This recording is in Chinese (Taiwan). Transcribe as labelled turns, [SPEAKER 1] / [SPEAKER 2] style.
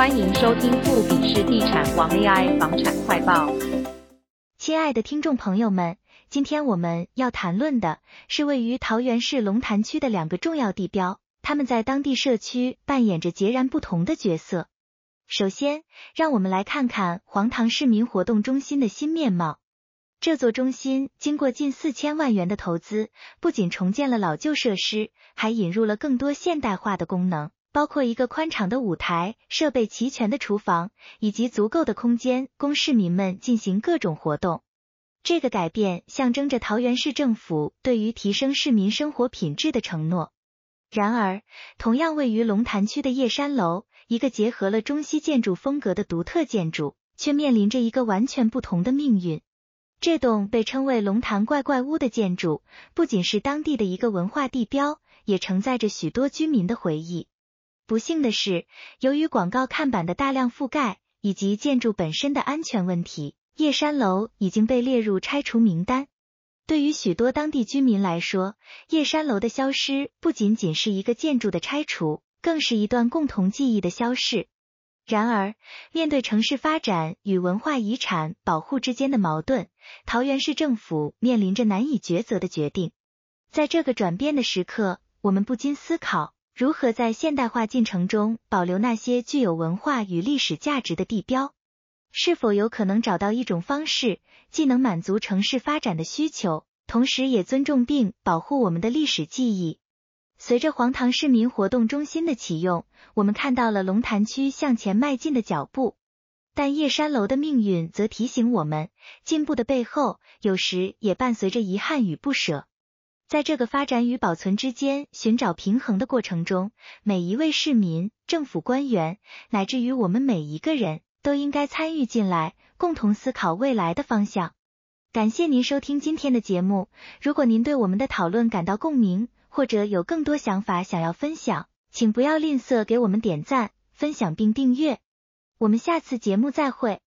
[SPEAKER 1] 歡迎收聽富比士地產王 AI 房產快報。親愛的聽眾朋友們，今天我們要談論的是位於桃園市龍潭區的兩個重要地標，他們在當地社區扮演着截然不同的角色。首先，讓我們來看看黃唐市民活動中心的新面貌。這座中心經過近四千萬元的投資，不僅重建了老舊設施，還引入了更多現代化的功能。包括一個寬敞的舞台、設備齊全的廚房，以及足夠的空間供市民們進行各種活動。這個改變象徵着桃園市政府對於提升市民生活品質的承諾。然而，同樣位於龍潭區的葉山樓，一個結合了中西建築風格的獨特建築，卻面臨着一個完全不同的命運。這棟被稱為“龍潭怪怪屋”的建築，不僅是當地的一個文化地標，也承載着許多居民的回憶。不幸的是，由於廣告看板的大量覆蓋以及建築本身的安全問題，葉山樓已經被列入拆除名單。對於許多當地居民來說，葉山樓的消失不僅僅是一個建築的拆除，更是一段共同記憶的消逝。然而，面對城市發展與文化遺產保護之間的矛盾，桃園市政府面臨着難以抉擇的決定。在這個轉變的時刻，我們不禁思考。如何在現代化進程中保留那些具有文化與歷史價值的地標？是否有可能找到一種方式，既能滿足城市發展的需求，同時也尊重並保護我們的歷史記憶？隨着黃唐市民活動中心的啟用，我們看到了龍潭區向前邁進的腳步，但葉山樓的命運則提醒我們，進步的背後有時也伴隨着遺憾與不舍。在這個發展與保存之間尋找平衡的過程中，每一位市民、政府官員，乃至於我們每一個人，都應該參與進來，共同思考未來的方向。感謝您收聽今天的節目。如果您對我們的討論感到共鳴，或者有更多想法想要分享，請不要吝嗇給我們點讚、分享並訂閱。我們下次節目再會。